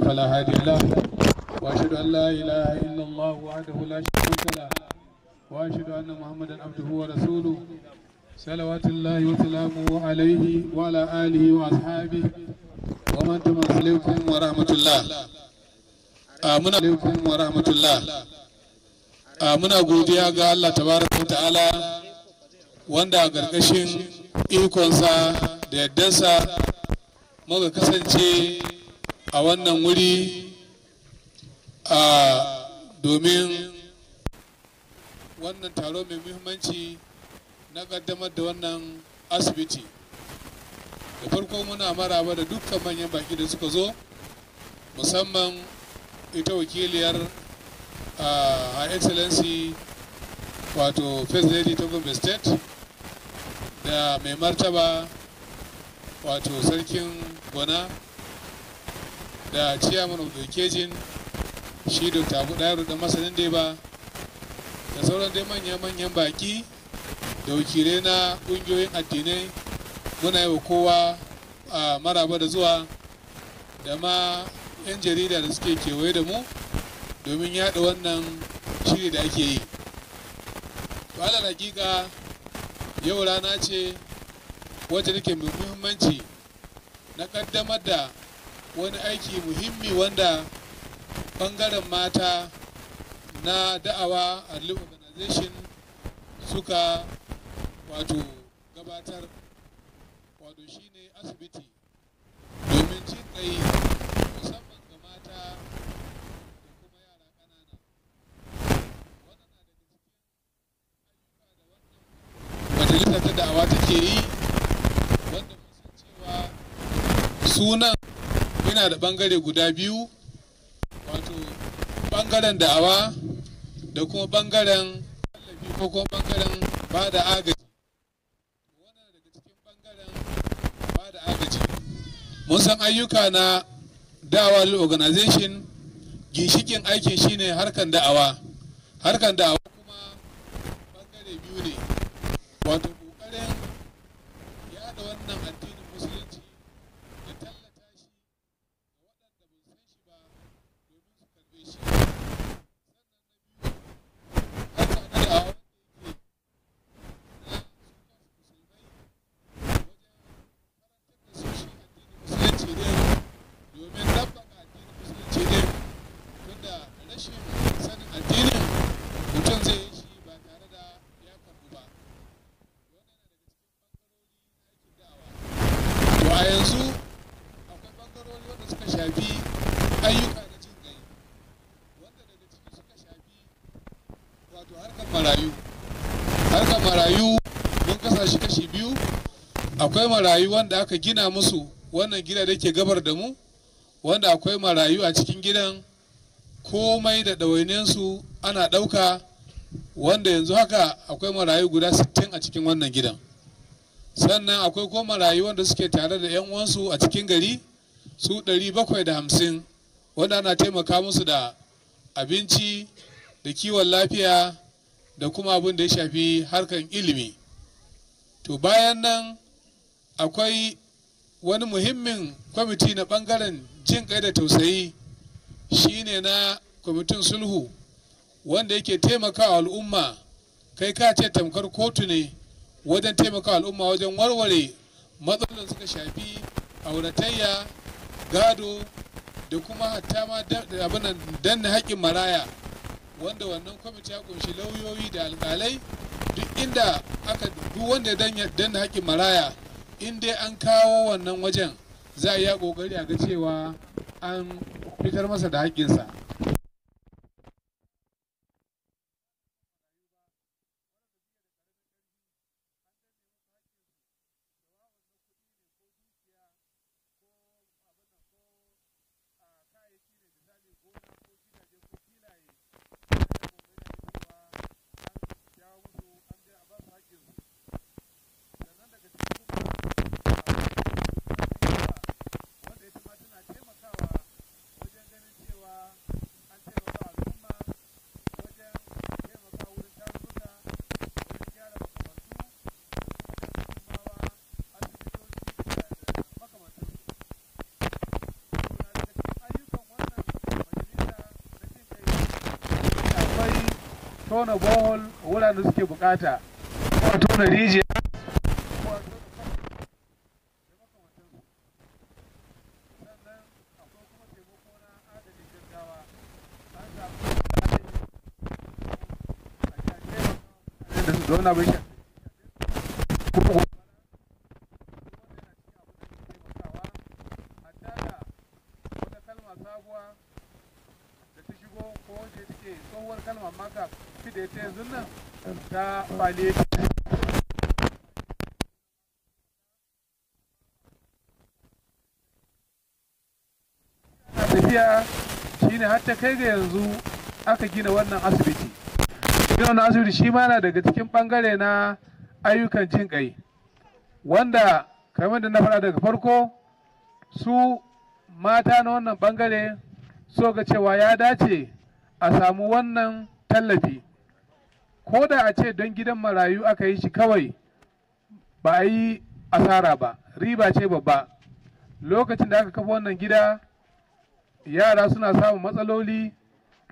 فلا هادي له واشهد ان لا اله الا الله وحده لا شريك له واشهد ان محمدا عبده ورسوله صلوات الله وسلامه عليه وعلى اله واصحابه ومن تمسكم ورحمه الله آمنا عليكم ورحمة الله muna godiya ga Allah tabaraka ta'ala wanda a ƙarƙashin ikonsa da yaddansa muka kasance a wannan wuri a domin wannan taro mai muhimmanci na kaddamar da wannan asibiti da farko muna maraba da dukkan manyan baki da suka zo musamman ita wakiliyar a excellency wato first lady ta gombe state da mai martaba wato sarkin gona da chairman of the cajin shi dr abu dairu da masanin ba. da sauran dai manya-manyan baki da wakilai na kungiyoyin addinai muna yi wa kowa a maraba da zuwa da ma 'yan jarida da suke kewaye da mu domin yada wannan shiri da ake yi alal hakika yau rana ce wajen take muhimmanci na kaddamar da wani aiki muhimmi wanda bangaren mata na da'awa a organization suka wato gabatar wato shine asibiti domin cin tsaye musamman ga mata majalisar ta da'awa take yi wanda musan cewa sunan yana da bangare guda biyu wato bangaren da'awa da kuma bangaren tallafi ko kuma bangaren ba da agaji wannan daga cikin bangaren ba da agaji mun san ayyuka na da'awa organization ginshikin aikin shine harkan da'awa harkan da'awa kuma bangare biyu ne wato kokarin yada wannan addini akwai marayu wanda aka gina musu wannan gida da ke gabar da mu wanda akwai marayu a cikin gidan komai da ɗawainensu ana ɗauka wanda yanzu haka akwai marayu guda 60 a cikin wannan gidan sannan akwai ko marayu wanda suke tare da 'yan uwansu a cikin gari su 750 wanda ana taimaka musu da abinci da kiwon lafiya da kuma abin da ya shafi harkan ilimi to bayan nan akwai wani muhimmin kwamiti na bangaren jin kai da tausayi shine na kwamitin sulhu wanda yake taimakawa al'umma kai ka ce tamkar kotu ne wajen taimakawa al'umma wajen warware matsalolin suka shafi auratayya gado da kuma hatta ma abinan danna haƙƙin maraya wanda wannan kwamiti ya kunshi lauyoyi da alƙalai duk inda aka duk wanda ya danna haƙƙin maraya in dai an kawo wannan wajen za a iya ƙoƙari a ga cewa an fitar masa da haƙƙinsa tona bohol wuraren da suke bukata ko a tona rijiya da su zauna bai da ita yanzu nan ta fale tafiya shine har ta kai ga yanzu aka gina wannan asibiti gina wannan asibiti shi ma na daga cikin bangare na ayyukan jin kai wanda kamar da na faɗa daga farko su mata na wannan bangare so ga cewa ya dace a samu wannan tallafi ko da a ce don gidan marayu aka yi shi kawai ba a yi asara ba riba ce babba lokacin da aka kafa wannan gida yara suna samun matsaloli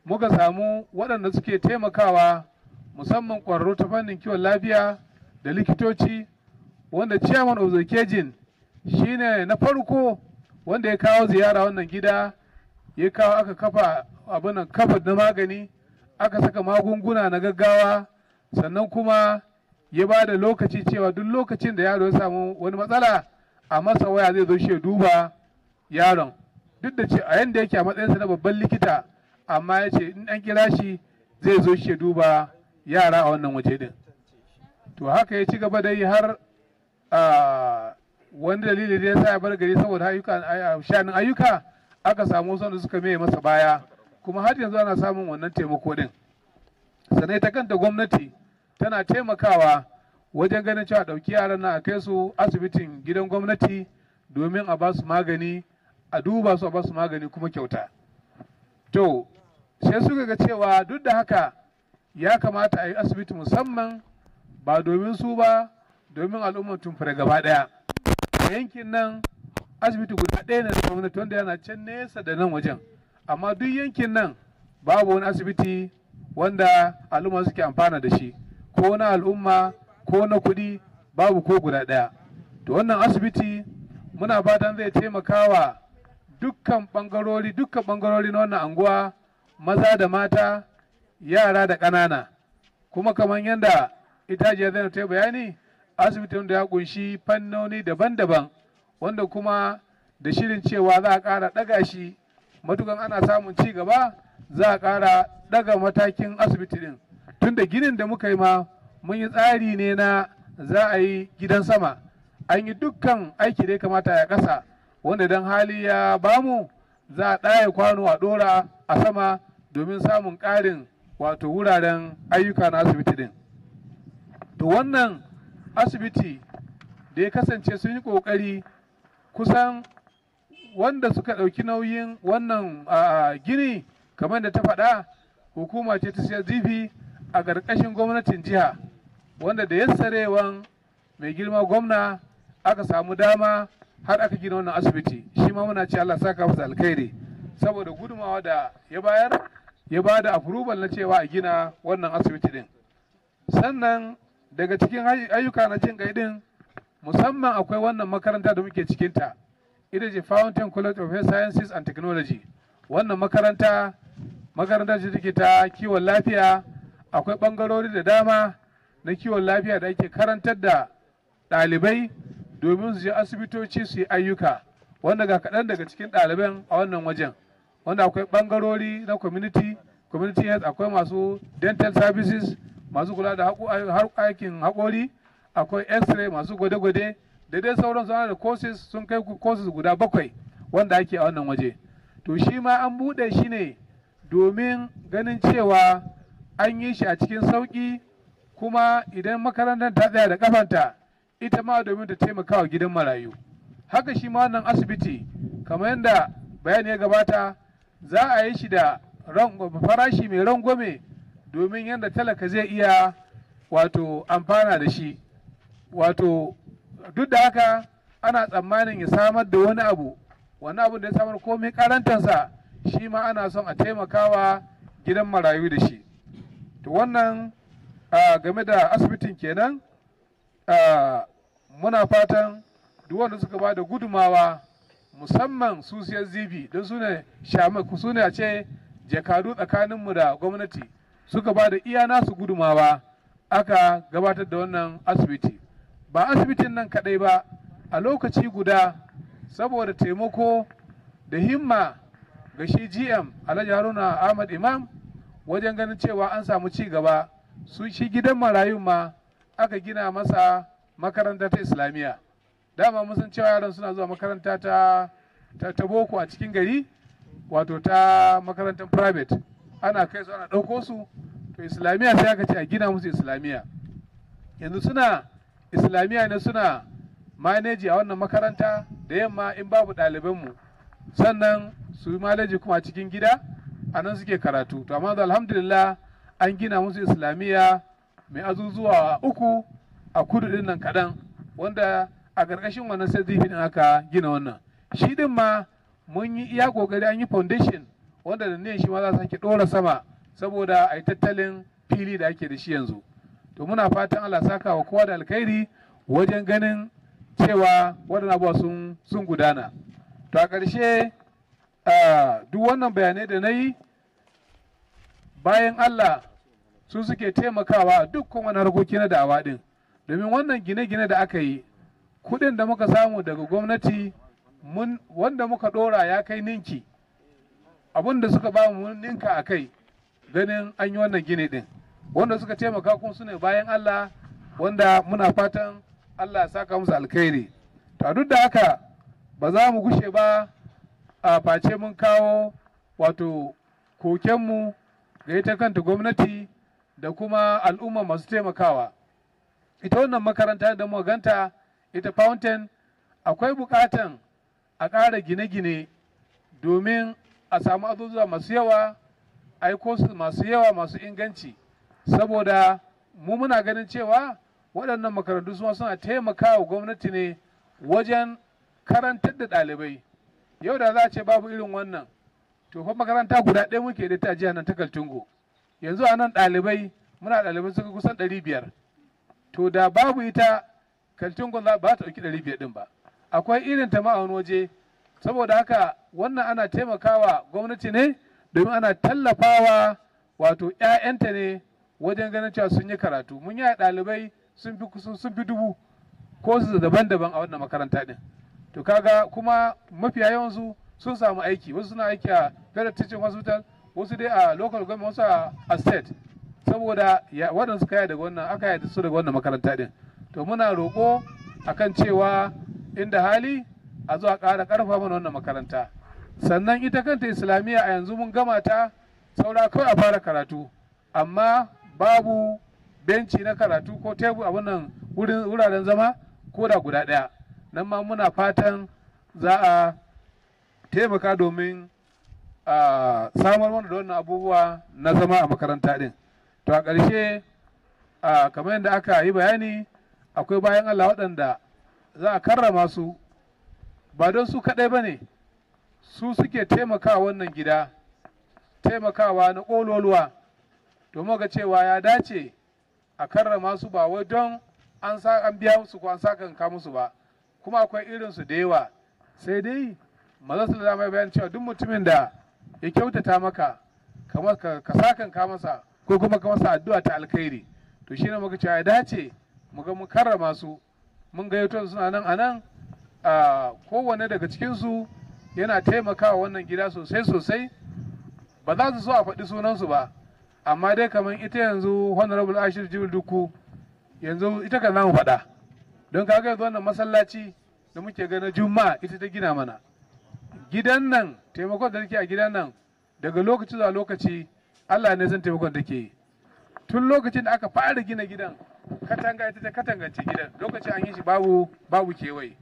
muka samu waɗanda suke taimakawa musamman ƙwararru ta fannin kiwon lafiya da likitoci wanda chairman of the cajun shine na farko wanda ya kawo ziyara wannan gida ya kawo aka kafa abinan kafa na magani aka saka magunguna na gaggawa sannan kuma ya ba da lokaci cewa duk lokacin da yaro ya samu wani matsala a masa waya zai zo shi ya duba yaron duk da ce a yanda yake a matsayinsa na babban likita amma ya ce in an kira shi zai zo shi ya duba yara a wannan waje din to haka ya ci gaba da yi har wani dalili da ya sa ya bar gari saboda shanin ayyuka aka samu wasu da suka mai masa baya kuma har yanzu ana samun wannan taimako din sanai ta kanta gwamnati tana taimakawa wajen ganin cewa ɗauki yaran nan a kai su asibitin gidan gwamnati domin a ba su magani a duba su a ba su magani kuma kyauta to sai suka ga cewa duk da haka ya kamata a yi asibiti musamman ba domin su ba domin al'ummar tun fara gaba ɗaya yankin nan asibiti guda ɗaya na gwamnati wanda yana can nesa da nan wajen amma duk yankin nan babu wani asibiti wanda al'umma suke amfana da shi ko na al'umma ko na kuɗi babu ko guda ɗaya to wannan asibiti muna fatan zai taimakawa dukkan ɓangarori dukkan ɓangarori na wannan anguwa maza da mata yara da ƙanana kuma kamar yadda itajiya zai ta bayani asibitin da ya kunshi fannoni daban-daban wanda kuma da shirin cewa za a ƙara ɗaga shi matukan ana samun ci gaba za a ƙara daga matakin asibiti ɗin tunda ginin da muka yi ma mun yi tsari ne na za a yi gidan sama an yi dukkan aiki da ya kamata ya ƙasa wanda don hali ya bamu za a ɗaya kwano a ɗora a sama domin samun ƙarin wato wuraren ayyuka na asibiti ɗin to wannan asibiti da ya kasance sun yi ƙoƙari kusan wanda suka ɗauki nauyin wannan gini kamar da ta faɗa hukuma ce ta CRDP a ƙarƙashin gwamnatin jiha wanda da yassarewan mai girma gwamna aka samu dama har aka gina wannan asibiti shi ma muna ce Allah saka masa alkhairi saboda gudumawa da ya bayar ya ba da approval na cewa a gina wannan asibiti din sannan daga cikin ayyuka na jin kai musamman akwai wannan makaranta da muke cikinta is a Fountain College of Health Sciences and Technology. Wannan makaranta makarantar ce take ta kiwon lafiya akwai bangarori da dama na kiwon lafiya da ake karantar da ɗalibai domin su je asibitoci su yi ayyuka wanda ga kaɗan daga cikin ɗaliban a wannan wajen wanda akwai bangarori na community community health akwai masu dental services masu kula da aikin haƙori akwai x-ray masu gwade-gwade da dai sauran sana da courses sun kai courses guda bakwai wanda ake a wannan waje to shi ma an buɗe shi ne domin ganin cewa an yi shi a cikin sauki kuma idan makarantar ta tsaya da kafanta ita ma domin ta taimaka wa gidan marayu haka shi ma wannan asibiti kamar yadda bayani ya gabata za a yi shi da farashi mai rangwame domin yadda talaka zai iya wato amfana da shi wato duk da haka ana tsammanin ya samar da wani abu wani abu da ya samar komai karantansa shi ma ana son a taimakawa gidan marayu da shi to wannan game da asibitin kenan muna fatan duk wanda suka ba da gudumawa musamman su siyar zibi don su ne shamaku su ne a ce jakadu tsakaninmu da gwamnati suka ba da iya nasu gudumawa aka gabatar da wannan asibiti ba asibitin nan kaɗai ba a lokaci guda saboda taimako da himma ga shi gm alhaji haruna ahmad imam wajen ganin cewa an samu ci gaba su shi gidan marayun ma aka gina masa makaranta ta islamiyya dama mun cewa yaran suna zuwa makaranta ta ta boko a cikin gari wato ta makarantar private ana kai su ana ɗauko su to islamiyya sai aka ce a gina musu islamiyya yanzu suna islamiyya ne suna maneji a wannan makaranta da yamma in babu ɗalibanmu sannan su yi maleji kuma cikin gida a nan suke karatu to amma alhamdulillah an gina musu islamiyya mai azuzuwa uku a kudu din nan kaɗan wanda a ƙarƙashin wannan sai din aka gina wannan shi din ma mun yi iya ƙoƙari an yi foundation wanda da ne shi ma za su sake ɗora sama saboda a yi tattalin fili da ake da shi yanzu to muna fatan Allah saka wa kowa da alkhairi wajen ganin cewa waɗannan abuwa sun gudana to a ƙarshe duk wannan bayanai da na yi bayan Allah su suke taimakawa dukkan wani harkoki na da'awa din domin wannan gine-gine da aka yi kuɗin da muka samu daga gwamnati wanda muka ɗora ya kai ninki abin da suka ba mu ninka a kai ganin an yi wannan gine ɗin wanda suka taimaka kuma su ne bayan Allah wanda muna fatan Allah ya saka musu alkhairi to duk da haka ba za mu gushe ba a face mun kawo wato kokenmu ga ita kanta gwamnati da kuma al'umma masu taimakawa ita wannan makaranta da mu ganta ita fountain akwai bukatan a ƙara gine-gine domin a samu azuzuwa masu yawa aiko masu yawa masu inganci saboda mu muna ganin cewa waɗannan makarantu suma suna taimakawa gwamnati ne wajen karantar da ɗalibai yau da za a ce babu irin wannan to fa makaranta guda ɗaya muke da ta jiya nan ta kaltungo yanzu a nan ɗalibai muna ɗalibai suka kusan ɗari biyar to da babu ita kaltungo ba ta ɗauki ɗari biyar ɗin ba akwai irin ta ma a wani waje saboda haka wannan ana taimakawa gwamnati ne domin ana tallafawa wato 'ya'yanta ne wajen ganin cewa sun yi karatu mun yi ɗalibai sun fi kusan sun fi dubu ko su daban-daban a wannan makaranta din to kaga kuma mafiya yawansu sun samu aiki wasu suna aiki a federal teaching hospital wasu dai a local government wasu a state saboda waɗansu suka daga wannan aka yi su daga wannan makaranta din to muna roƙo akan cewa inda hali a zuwa ƙara ƙarfa mana wannan makaranta sannan ita kanta islamiyya a yanzu mun gama ta saura kawai a fara karatu amma babu benci na karatu ko tebu a wannan wuraren zama ko da guda ɗaya nan ma muna fatan za a taimaka domin a samar wanda da wannan abubuwa na zama a makaranta ɗin to a ƙarshe kamar yadda aka yi bayani akwai bayan allah waɗanda za a karrama su ba don su kaɗai ba ne su suke taimakawa wannan gida taimakawa na ƙololuwa domin ga cewa ya dace a karrama su ba wai don an biya musu ko an sa musu ba kuma akwai irin su da yawa sai dai maza su da zama bayan cewa duk mutumin da ya kyautata maka kamar ka sa ka masa ko kuma ka masa addu'a ta alkhairi to shine muka cewa ya dace mu ga mun karrama su mun gayyato suna nan a nan a kowane daga cikin su yana taimakawa wannan gida sosai sosai ba za su so a faɗi sunansu ba amma dai kamar ita yanzu honorable ashir jibril duku yanzu ita kan zamu faɗa don kaga yanzu wannan masallaci da muke gana juma'a ita ta gina mana gidan nan taimakon da take a gidan nan daga lokaci zuwa lokaci allah ne san taimakon take yi tun lokacin da aka fara gina gidan katanga ita ta katangance gidan lokacin an yi shi babu babu kewaye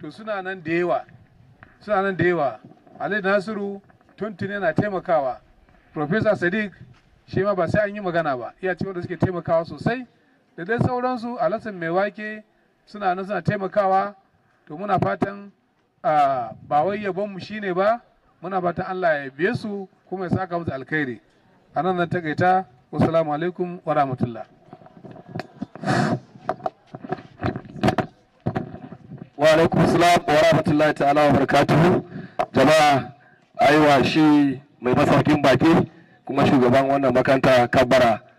to suna nan da yawa suna nan da yawa alhaji nasiru tuntun yana taimakawa professor sadiq shi ma ba sai an yi magana ba iya ce wanda suke taimakawa sosai da dai sauransu a alasan mai wake suna nan suna taimakawa to muna fatan ba wai yabon mu shine ba muna fatan Allah ya biye su kuma ya saka musu alkhairi anan nan takaita wassalamu alaikum wa rahmatullah wa alaikum salam wa rahmatullahi ta'ala wa barakatuhu jama'a aiwa shi mai masaukin baki kuma shugaban wannan makaranta kabara